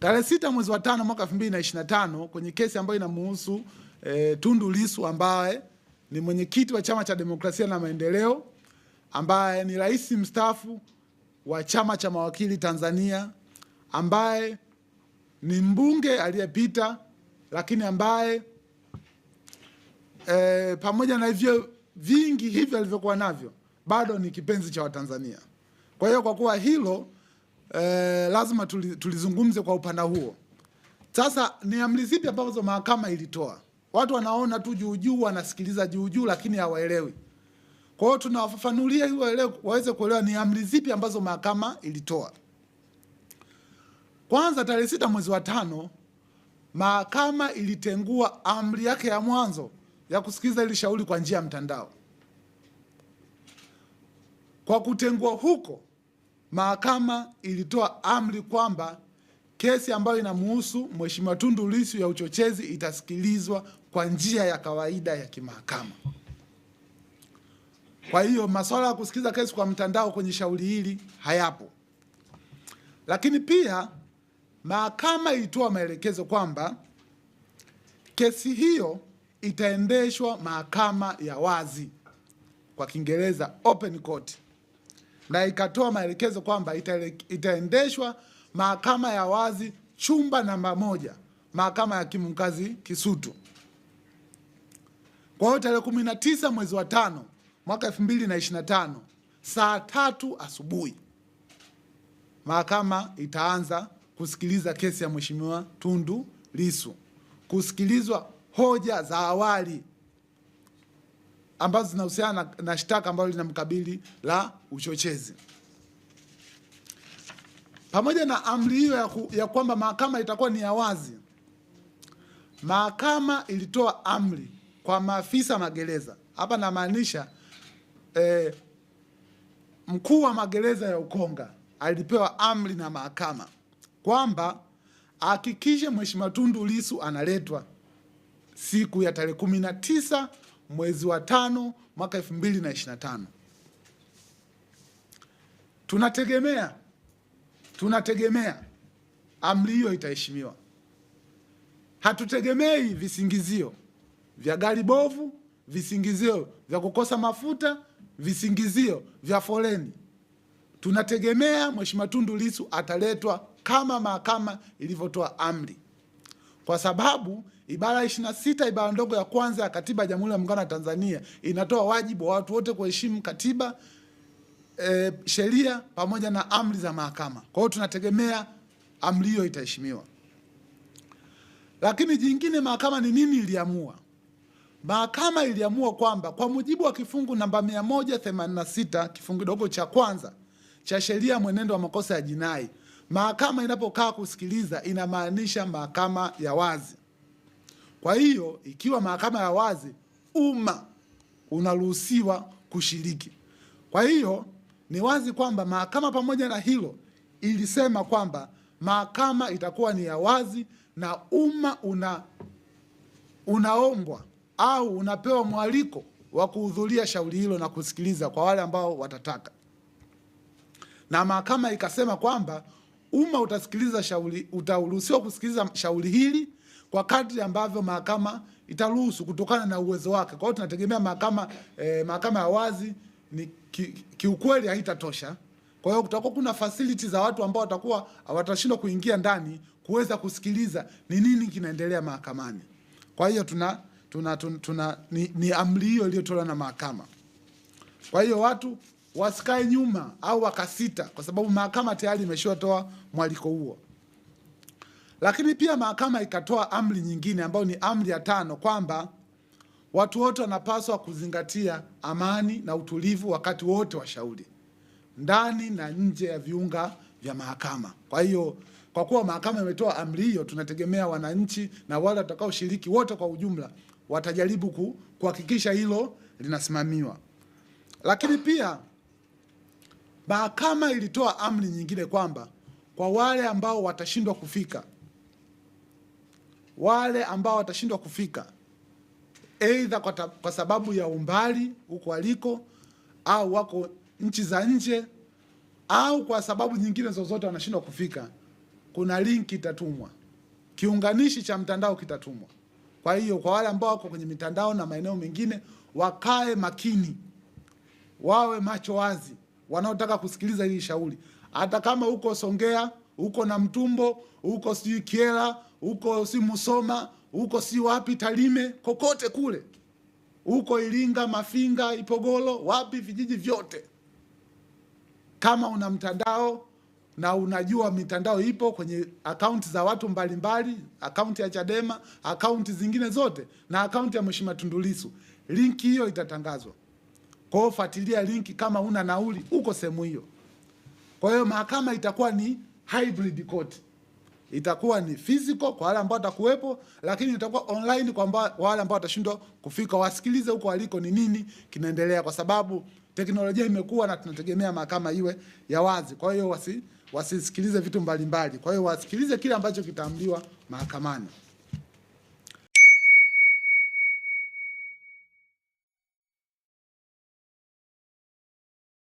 Tarehe sita mwezi wa tano mwaka 2025 kwenye kesi ambayo inamuhusu e, Tundu Lissu ambaye ni mwenyekiti wa Chama cha Demokrasia na Maendeleo ambaye ni rais mstaafu wa Chama cha Mawakili Tanzania ambaye ni mbunge aliyepita, lakini ambaye e, pamoja na hivyo vingi hivyo alivyokuwa navyo bado ni kipenzi cha Watanzania. Kwa hiyo kwa kuwa hilo eh, lazima tulizungumze kwa upana huo. Sasa ni amri zipi ambazo mahakama ilitoa? Watu wanaona tu juu juu, wanasikiliza juu juu, lakini hawaelewi. Kwa hiyo tunawafafanulia ili waweze kuelewa ni amri zipi ambazo mahakama ilitoa. Kwanza, tarehe sita mwezi wa tano mahakama ilitengua amri yake ya mwanzo ya kusikiliza ili shauri kwa njia ya mtandao. Kwa kutengua huko mahakama ilitoa amri kwamba kesi ambayo inamhusu Mheshimiwa Tundu Lissu ya uchochezi itasikilizwa kwa njia ya kawaida ya kimahakama. Kwa hiyo masuala ya kusikiliza kesi kwa mtandao kwenye shauri hili hayapo. Lakini pia mahakama ilitoa maelekezo kwamba kesi hiyo itaendeshwa mahakama ya wazi, kwa Kiingereza open court na ikatoa maelekezo kwamba itaendeshwa mahakama ya wazi chumba namba moja, mahakama ya hakimu mkazi Kisutu. Kwa hiyo tarehe na tisa mwezi wa tano mwaka tano saa tatu asubuhi mahakama itaanza kusikiliza kesi ya Mheshimiwa Tundu Lissu, kusikilizwa hoja za awali ambazo zinahusiana na, na shtaka ambalo linamkabili la uchochezi. Pamoja na amri hiyo ya, ya kwamba mahakama itakuwa ni ya wazi, mahakama ilitoa amri kwa maafisa magereza. Hapa namaanisha eh, mkuu wa magereza ya Ukonga alipewa amri na mahakama kwamba hakikishe Mheshimiwa Tundu Lissu analetwa siku ya tarehe kumi na tisa mwezi wa tano mwaka tano. Tunategemea tunategemea amri hiyo itaheshimiwa. Hatutegemei visingizio vya gari bovu, visingizio vya kukosa mafuta, visingizio vya foleni. Tunategemea Mheshimiwa Tundu Lissu ataletwa kama mahakama ilivyotoa amri, kwa sababu Ibara 26 ibara ndogo ya kwanza ya Katiba ya Jamhuri ya Muungano wa Tanzania inatoa wajibu wa watu wote kuheshimu katiba e, sheria pamoja na amri za mahakama. Kwa hiyo tunategemea amri hiyo itaheshimiwa. Lakini jingine, mahakama ni nini iliamua? Mahakama iliamua kwamba kwa mujibu wa kifungu namba 186 kifungu kidogo cha kwanza cha sheria mwenendo wa makosa ya jinai, mahakama inapokaa kusikiliza inamaanisha mahakama ya wazi. Kwa hiyo ikiwa mahakama ya wazi, umma unaruhusiwa kushiriki. Kwa hiyo ni wazi kwamba mahakama pamoja na hilo ilisema kwamba mahakama itakuwa ni ya wazi na umma una unaombwa au unapewa mwaliko wa kuhudhuria shauri hilo na kusikiliza kwa wale ambao watataka. Na mahakama ikasema kwamba umma utasikiliza shauri, utaruhusiwa kusikiliza shauri hili kwa kadri ambavyo mahakama itaruhusu kutokana na uwezo wake. Kwa hiyo tunategemea mahakama eh, mahakama ya wazi ni kiukweli ki haitatosha. Kwa hiyo kutakuwa kuna facility za watu ambao watakuwa watashindwa kuingia ndani kuweza kusikiliza ni nini kinaendelea mahakamani. Kwa hiyo tuna, tuna, tuna, tuna ni, ni amri hiyo iliyotolewa na mahakama. Kwa hiyo watu wasikae nyuma au wakasita, kwa sababu mahakama tayari imeshotoa mwaliko huo. Lakini pia mahakama ikatoa amri nyingine ambayo ni amri ya tano kwamba watu wote wanapaswa kuzingatia amani na utulivu wakati wote wa shauri ndani na nje ya viunga vya mahakama. Kwa hiyo kwa kuwa mahakama imetoa amri hiyo, tunategemea wananchi na wale watakaoshiriki wote kwa ujumla watajaribu kuhakikisha hilo linasimamiwa. Lakini pia mahakama ilitoa amri nyingine kwamba kwa wale ambao watashindwa kufika wale ambao watashindwa kufika aidha kwa, kwa sababu ya umbali huko waliko au wako nchi za nje au kwa sababu nyingine zozote wanashindwa kufika, kuna linki itatumwa, kiunganishi cha mtandao kitatumwa. Kwa hiyo kwa wale ambao wako kwenye mitandao na maeneo mengine wakae makini, wawe macho wazi, wanaotaka kusikiliza hili shauri, hata kama huko Songea, na Namtumbo, huko sijui Kiela huko si Musoma, huko si wapi talime kokote kule huko Iringa, Mafinga, Ipogolo, wapi vijiji vyote. Kama una mtandao na unajua mitandao ipo kwenye akaunti za watu mbalimbali, akaunti ya Chadema, akaunti zingine zote na akaunti ya Mheshimiwa Tundu Lissu, linki hiyo itatangazwa. Kwa hiyo fuatilia linki, kama una nauli huko sehemu hiyo. Kwa hiyo mahakama itakuwa ni hybrid court itakuwa ni physical kwa wale ambao watakuwepo, lakini itakuwa online kwa wale ambao watashindwa kufika, wasikilize huko waliko ni nini kinaendelea, kwa sababu teknolojia imekuwa na tunategemea mahakama iwe ya wazi. Kwa hiyo wasi, wasisikilize vitu mbalimbali mbali. Kwa hiyo wasikilize kile ambacho kitaamliwa mahakamani.